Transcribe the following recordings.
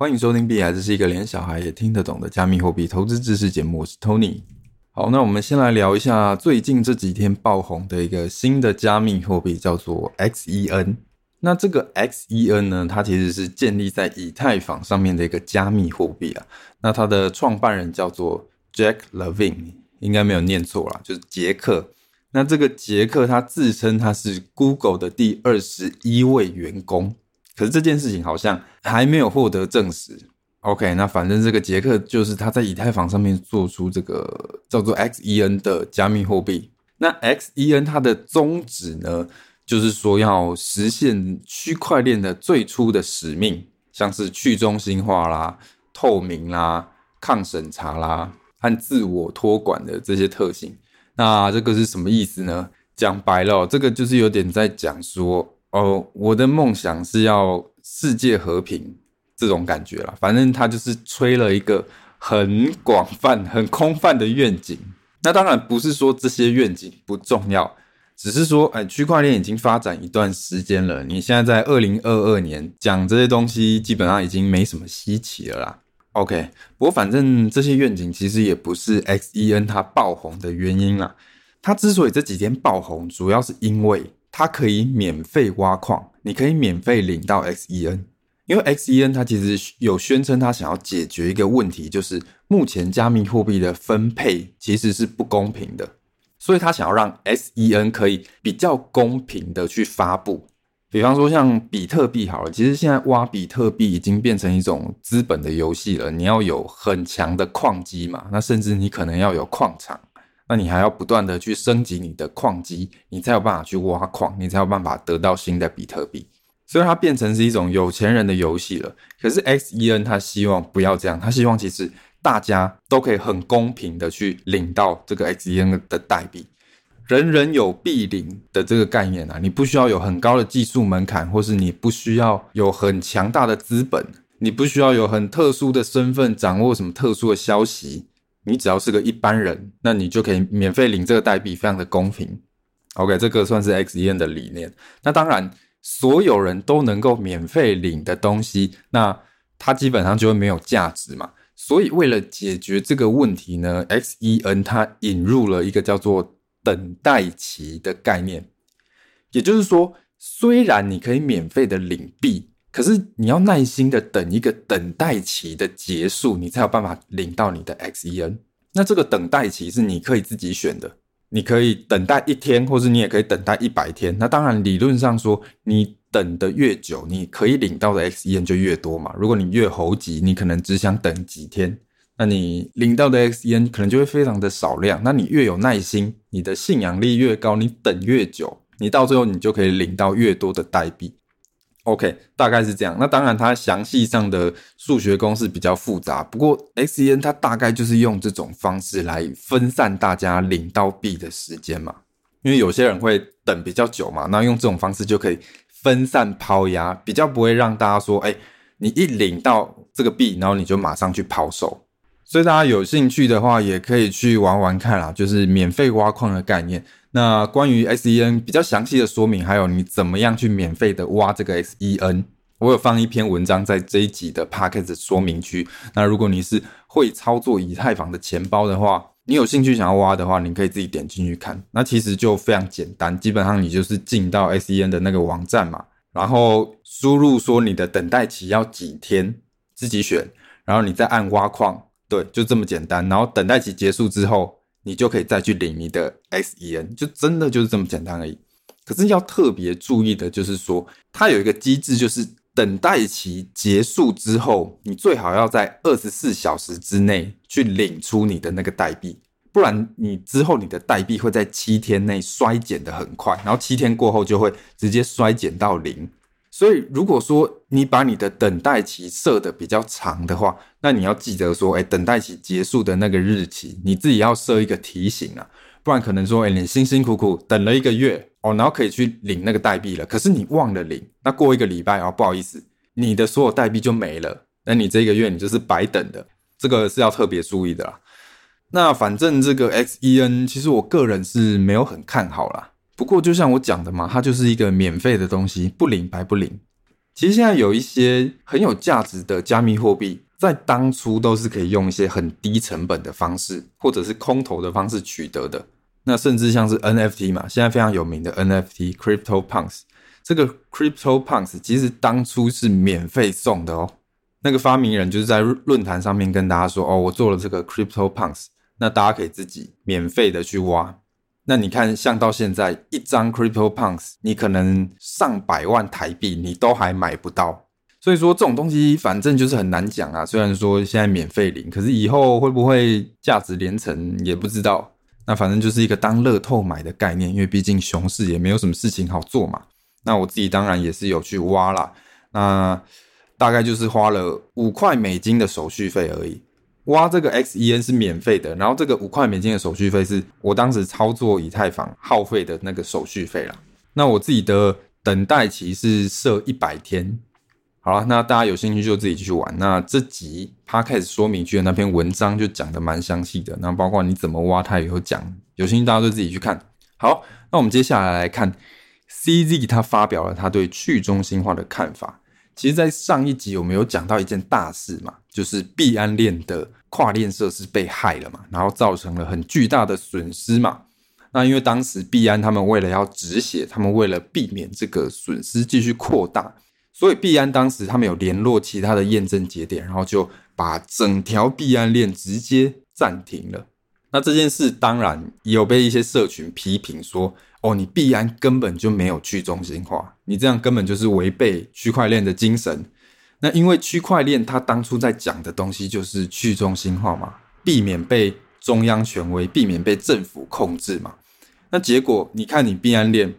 歡迎收聽幣啊，這是一個連小孩也聽得懂的加密貨幣投資知識節目，我是 Tony。好，那我們先來聊一下最近這幾天爆紅的一個新的加密貨幣，叫做 XEN。那這個 XEN 呢，它其實是建立在以太坊上面的一個加密貨幣啊。那它的創辦人叫做 Jack Levin，應該沒有念錯啦，就是傑克。那這個傑克，他自稱他是 Google 的第二十一位員工。可是這件事情好像還沒有獲得證實。OK，那反正這個傑克就是他在以太坊上面做出這個叫做 XEN 的加密貨幣。那 XEN 它的宗旨呢，就是說要實現區塊鏈的最初的使命，像是去中心化啦、透明啦、抗審查啦和自我托管的這些特性。那這個是什麼意思呢？講白了哦，這個就是有點在講說。哦，oh, 我的夢想是要世界和平這種感覺啦。反正他就是吹了一個很廣泛、很空泛的願景。那當然不是說這些願景不重要，只是說，哎、欸，區塊鏈已經發展一段時間了，你現在在二零二二年講這些東西，基本上已經沒什麼稀奇了啦。OK，不過反正這些願景其實也不是 XEN 它爆紅的原因啦。它之所以這幾天爆紅，主要是因為。它可以免費挖礦，你可以免費領到 XEN，因為 XEN 它其實有宣稱它想要解決一個問題，就是目前加密貨幣的分配其實是不公平的，所以它想要讓 XEN 可以比較公平的去發布。比方說像比特幣好了，其實現在挖比特幣已經變成一種資本的遊戲了，你要有很強的礦機嘛，那甚至你可能要有礦場。那你還要不斷的去升級你的礦機，你才有辦法去挖礦，你才有辦法得到新的比特幣。所以它變成是一種有錢人的遊戲了。可是 XEN 它希望不要這樣，它希望其實大家都可以很公平的去領到這個 XEN 的代幣，人人有幣領的這個概念啊，你不需要有很高的技術門檻，或是你不需要有很強大的資本，你不需要有很特殊的身份，掌握什麼特殊的消息。你只要是個一般人，那你就可以免費領這個代幣，非常的公平。OK，這個算是 XEN 的理念。那當然，所有人都能夠免費領的東西，那它基本上就會沒有價值嘛。所以為了解決這個問題呢，XEN 它引入了一個叫做等待期的概念，也就是說，雖然你可以免費的領幣。可是你要耐心的等一個等待期的結束，你才有辦法領到你的 XEN。那這個等待期是你可以自己選的，你可以等待一天，或者你也可以等待一百天。那當然理論上說，你等的越久，你可以領到的 XEN 就越多嘛。如果你越猴急，你可能只想等幾天，那你領到的 XEN 可能就會非常的少量。那你越有耐心，你的信仰力越高，你等越久，你到最後你就可以領到越多的代幣。OK，大概是這樣。那當然，它詳細上的數學公式比較複雜。不過，XEN 它大概就是用這種方式來分散大家領到幣的時間嘛。因為有些人會等比較久嘛，那用這種方式就可以分散拋壓，比較不會讓大家說：“哎、欸，你一領到這個幣，然後你就馬上去拋售。”所以大家有興趣的話，也可以去玩玩看啦，就是免費挖礦的概念。那關於 XEN 比較詳細的說明，還有你怎麼樣去免費的挖這個 XEN，我有放一篇文章在這一集的 Podcast 說明區。那如果你是會操作以太坊的錢包的話，你有興趣想要挖的話，你可以自己點進去看。那其實就非常簡單，基本上你就是進到 XEN 的那個網站嘛，然後輸入說你的等待期要幾天，自己選，然後你再按挖礦，對，就這麼簡單。然後等待期結束之後。你就可以再去領你的 XEN，就真的就是這麼簡單而已。可是要特別注意的就是說，它有一個機制，就是等待期結束之後，你最好要在二十四小時之內去領出你的那個代幣，不然你之後你的代幣會在七天內衰減得很快，然後七天過後就會直接衰減到零。所以，如果說你把你的等待期設的比較長的話，那你要記得說，欸，等待期結束的那個日期，你自己要設一個提醒啊，不然可能說，欸，你辛辛苦苦等了一個月哦，然後可以去領那個代幣了，可是你忘了領，那過一個禮拜哦，不好意思，你的所有代幣就沒了，那你這個月你就是白等的，這個是要特別注意的啦。那反正這個 XEN，其實我個人是沒有很看好啦。不過，就像我講的嘛，它就是一個免費的東西，不領白不領。其實現在有一些很有價值的加密貨幣，在當初都是可以用一些很低成本的方式，或者是空投的方式取得的。那甚至像是 NFT 嘛，現在非常有名的 NFT CryptoPunks，這個 CryptoPunks 其實當初是免費送的哦。那個發明人就是在論壇上面跟大家說：“哦，我做了這個 CryptoPunks，那大家可以自己免費的去挖。”那你看，像到現在一張 CryptoPunks，你可能上百萬台幣，你都還買不到。所以說這種東西，反正就是很難講啊。雖然說現在免費領，可是以後會不會價值連城也不知道。那反正就是一個當樂透買的概念，因為畢竟熊市也沒有什麼事情好做嘛。那我自己當然也是有去挖啦，那大概就是花了五塊美金的手續費而已。挖這個 XEN 是免費的，然後這個五塊美金的手續費是我當時操作以太坊耗費的那個手續費了。那我自己的等待期是設一百天。好了，那大家有興趣就自己去玩。那這集 podcast 說明區的那篇文章就講的蠻詳細的，那包括你怎麼挖，它也會講。有興趣大家就自己去看。好，那我們接下來來看 CZ 他發表了他對去中心化的看法。其實，在上一集我們有講到一件大事嘛，就是幣安鏈的跨鏈設施被害了嘛，然後造成了很巨大的損失嘛。那因為當時幣安他們為了要止血，他們為了避免這個損失繼續擴大，所以幣安當時他們有聯絡其他的驗證節點，然後就把整條幣安鏈直接暫停了。那這件事當然也有被一些社群批評說。哦，你幣安根本就沒有去中心化，你這樣根本就是違背區塊鏈的精神。那因為區塊鏈它當初在講的東西就是去中心化嘛，避免被中央權威，避免被政府控制嘛。那結果你看，你幣安鏈，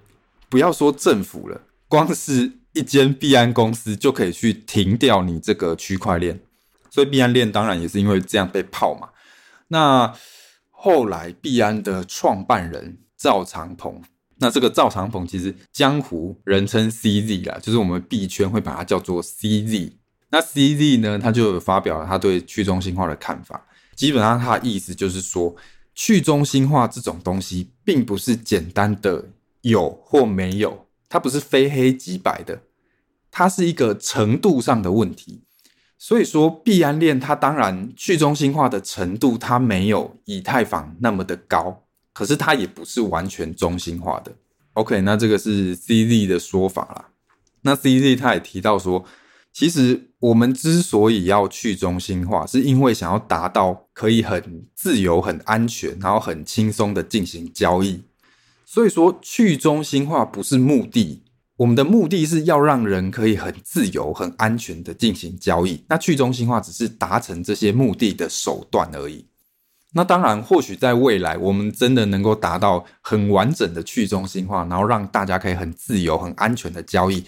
不要說政府了，光是一間幣安公司就可以去停掉你這個區塊鏈，所以幣安鏈當然也是因為這樣被砲嘛。那後來幣安的創辦人趙長鵬。那這個趙長鵬其實江湖人稱 CZ 啦，就是我們幣圈會把它叫做 CZ。那 CZ 呢，他就有發表了他對去中心化的看法。基本上他的意思就是說，去中心化這種東西並不是簡單的有或沒有，它不是非黑即白的，它是一個程度上的問題。所以說，幣安鏈它當然去中心化的程度，它沒有以太坊那麼的高。可是它也不是完全中心化的。OK，那這個是 CZ 的說法啦。那 CZ 他也提到說，其實我們之所以要去中心化，是因為想要達到可以很自由、很安全，然後很輕鬆的進行交易。所以說去中心化不是目的，我們的目的是要讓人可以很自由、很安全的進行交易。那去中心化只是達成這些目的的手段而已。那當然，或許在未來，我們真的能夠達到很完整的去中心化，然後讓大家可以很自由、很安全的交易。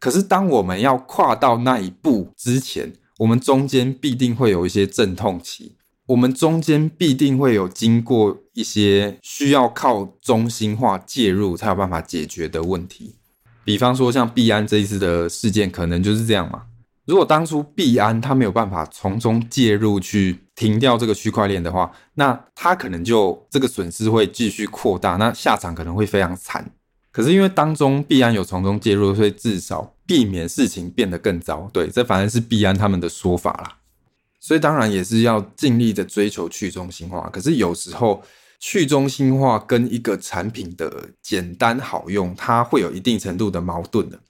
可是，當我們要跨到那一步之前，我們中間必定會有一些陣痛期，我們中間必定會有經過一些需要靠中心化介入才有辦法解決的問題。比方說，像幣安這一次的事件，可能就是這樣嘛。如果當初幣安他沒有辦法從中介入去停掉這個區塊鏈的話，那他可能就這個損失會繼續擴大，那下場可能會非常慘。可是因為當中幣安有從中介入，所以至少避免事情變得更糟。對，這反而是幣安他們的說法啦。所以當然也是要盡力的追求去中心化，可是有時候去中心化跟一個產品的簡單好用，它會有一定程度的矛盾的。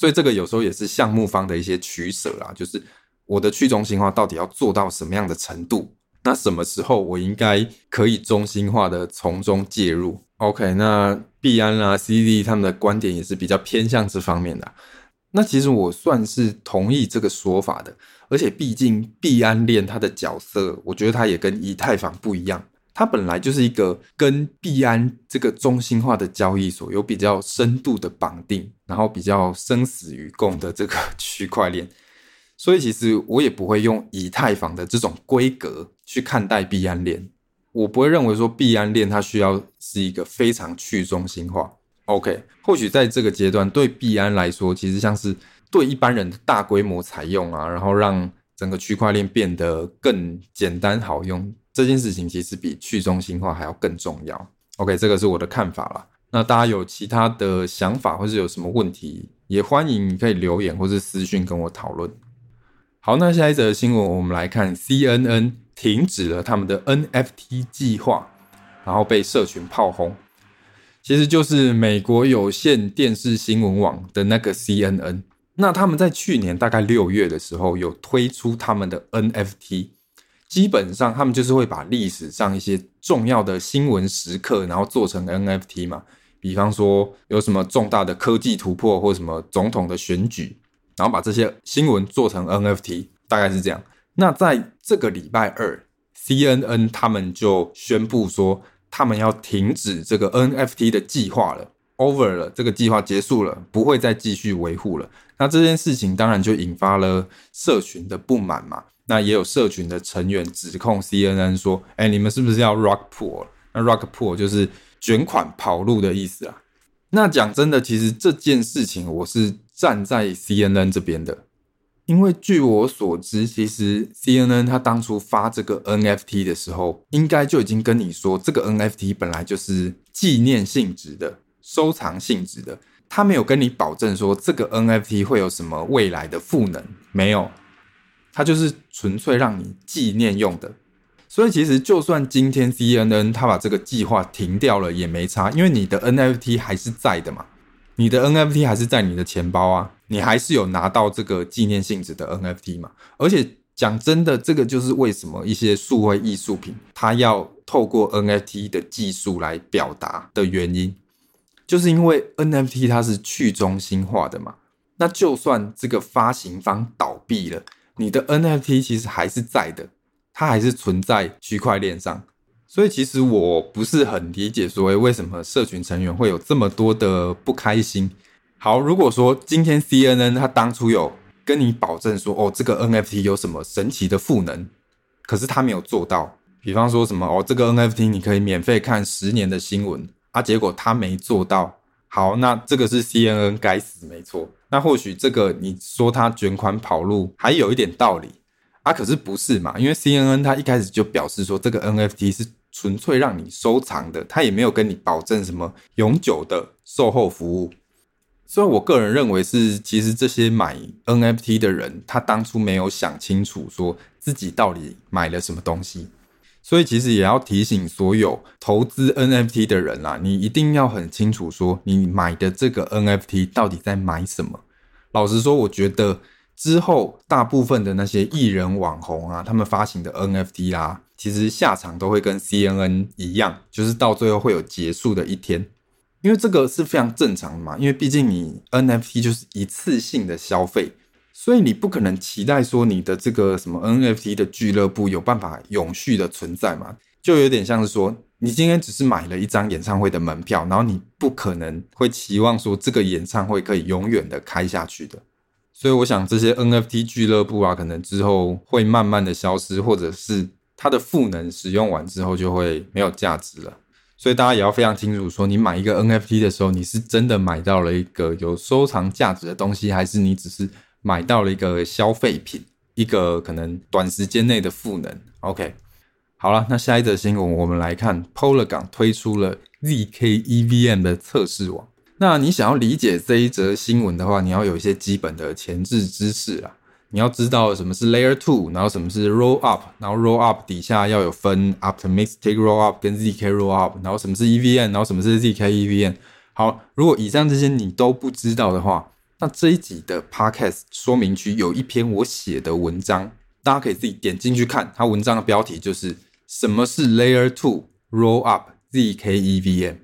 所以這個有時候也是項目方的一些取捨啦，就是我的去中心化到底要做到什麼樣的程度？那什麼時候我應該可以中心化的從中介入？OK，那幣安啊、CD、D、他們的觀點也是比較偏向這方面的、啊。那其實我算是同意這個說法的，而且畢竟幣安鏈它的角色，我覺得它也跟以太坊不一樣。它本來就是一個跟幣安這個中心化的交易所有比較深度的綁定，然後比較生死與共的這個區塊鏈，所以其實我也不會用以太坊的這種規格去看待幣安鏈，我不會認為說幣安鏈它需要是一個非常去中心化。OK，或許在這個階段對幣安來說，其實像是對一般人的大規模採用啊，然後讓整個區塊鏈變得更簡單好用。這件事情其實比去中心化還要更重要。OK，這個是我的看法啦。那大家有其他的想法或者有什麼問題，也歡迎你可以留言或是私信跟我討論。好，那下一則新聞，我們來看 CNN 停止了他們的 NFT 計劃，然後被社群炮轟。其實就是美國有線電視新聞網的那個 CNN。那他們在去年大概六月的時候，有推出他們的 NFT。基本上，他們就是會把歷史上一些重要的新聞時刻，然後做成 NFT 嘛。比方說，有什麼重大的科技突破，或什麼總統的選舉，然後把這些新聞做成 NFT，大概是這樣。那在這個禮拜二，CNN 他們就宣布說，他們要停止這個 NFT 的計劃了。over 了，這個計劃結束了，不會再繼續維護了。那這件事情當然就引發了社群的不滿嘛。那也有社群的成員指控 CNN 說：“哎、欸，你們是不是要 rug pull？那 rug pull 就是卷款跑路的意思啊。”那講真的，其實這件事情我是站在 CNN 這邊的，因為據我所知，其實 CNN 他當初發這個 NFT 的時候，應該就已經跟你說，這個 NFT 本來就是紀念性質的。收藏性質的，他沒有跟你保證說這個 NFT 會有什麼未來的賦能，沒有，它就是純粹讓你紀念用的。所以其實就算今天 CNN 他把這個計劃停掉了也沒差，因為你的 NFT 還是在的嘛，你的 NFT 還是在你的錢包啊，你還是有拿到這個紀念性質的 NFT 嘛。而且講真的，這個就是為什麼一些數位藝術品它要透過 NFT 的技術來表達的原因。就是因為 NFT 它是去中心化的嘛，那就算這個發行方倒閉了，你的 NFT 其實還是在的，它還是存在區塊鏈上。所以其實我不是很理解，說哎為什麼社群成員會有這麼多的不開心？好，如果說今天 CNN 它當初有跟你保證說，哦這個 NFT 有什麼神奇的賦能，可是它沒有做到。比方說什麼，哦這個 NFT 你可以免費看十年的新聞。啊！結果他沒做到。好，那這個是 CNN 該死，沒錯。那或許這個你說他捲款跑路還有一點道理啊，可是不是嘛？因為 CNN 他一開始就表示說，這個 NFT 是純粹讓你收藏的，他也沒有跟你保證什麼永久的售後服務。所以，我個人認為是，其實這些買 NFT 的人，他當初沒有想清楚，說自己到底買了什麼東西。所以其實也要提醒所有投資 NFT 的人啦，啊，你一定要很清楚說，你買的這個 NFT 到底在買什麼。老實說，我覺得之後大部分的那些藝人網紅啊，他們發行的 NFT 啦，啊，其實下場都會跟 CNN 一樣，就是到最後會有結束的一天，因為這個是非常正常的嘛，因為畢竟你 NFT 就是一次性的消費。所以你不可能期待說你的這個什麼 NFT 的俱樂部有辦法永續的存在嘛。就有點像是說，你今天只是買了一張演唱會的門票，然後你不可能會期望說這個演唱會可以永遠的開下去的。所以我想這些 NFT 俱樂部啊，可能之後會慢慢的消失，或者是它的賦能使用完之後就會沒有價值了。所以大家也要非常清楚說，你買一個 NFT 的時候，你是真的買到了一個有收藏價值的東西，還是你只是。買到了一個消費品，一個可能短時間內的賦能。OK，好了，那下一則新聞我們來看，Polygon 推出了 ZK EVM 的測試網。那你想要理解這一則新聞的話，你要有一些基本的前置知識啊。你要知道什麼是 Layer Two，然後什麼是 Roll Up，然後 Roll Up 底下要有分 Optimistic Roll Up 跟 ZK Roll Up，然後什麼是 EVM，然後什麼是 ZK EVM。好，如果以上這些你都不知道的話，那這一集的 podcast 說明區有一篇我寫的文章，大家可以自己點進去看。它文章的標題就是“什麼是 Layer Two Rollup zkEVM”。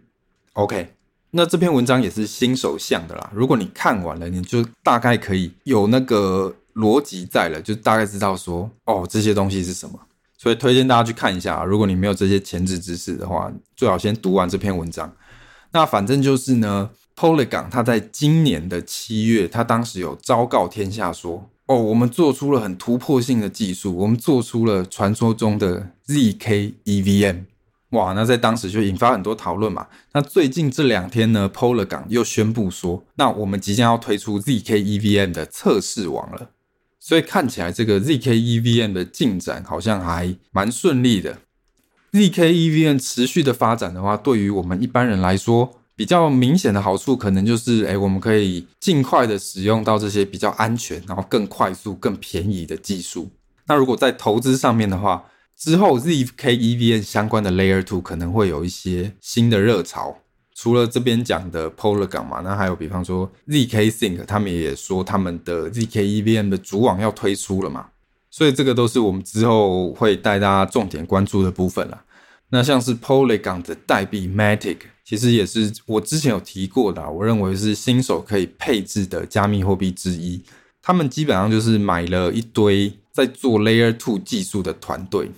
OK，那這篇文章也是新手向的啦。如果你看完了，你就大概可以有那個邏輯在了，就大概知道說哦這些東西是什麼。所以推薦大家去看一下。如果你沒有這些前置知識的話，最好先讀完這篇文章。那反正就是呢。Polygon 他在今年的七月，他當時有昭告天下說：“哦，我們做出了很突破性的技術，我們做出了傳說中的 ZK EVM。”哇，那在當時就引發很多討論嘛。那最近這兩天呢，Polygon 又宣布說：“那我們即將要推出 ZK EVM 的測試網了。”所以看起來這個 ZK EVM 的進展好像還蠻順利的。ZK EVM 持續的發展的話，對於我們一般人來說，比較明顯的好處，可能就是，哎、欸，我們可以盡快的使用到這些比較安全、然後更快速、更便宜的技術。那如果在投資上面的話，之後 zkEVM 相關的 Layer 2可能會有一些新的熱潮。除了這邊講的 Polygon 嘛，那還有比方說 zkSync，他們也說他們的 zkEVM 的主網要推出了嘛，所以這個都是我們之後會帶大家重點關注的部分了。那像是 Polygon 的代幣 Matic，其實也是我之前有提過的、啊，我認為是新手可以配置的加密貨幣之一。他們基本上就是買了一堆在做 Layer Two 技術的團隊，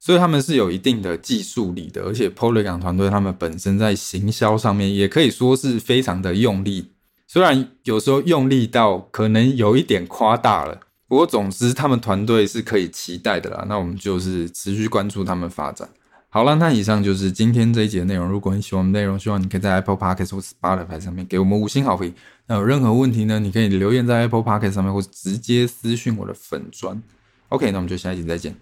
所以他們是有一定的技術力的。而且 Polygon 團隊他們本身在行銷上面也可以說是非常的用力，雖然有時候用力到可能有一點誇大了。不過總之，他們團隊是可以期待的啦。那我們就是持續關注他們發展。好了，那以上就是今天這一集的內容。如果你喜歡我們內容，希望你可以在 Apple Podcast 或 Spotify 上面給我們五星好評。那有任何問題呢，你可以留言在 Apple Podcast 上面，或者直接私訊我的粉專。OK，那我們就下一集再見。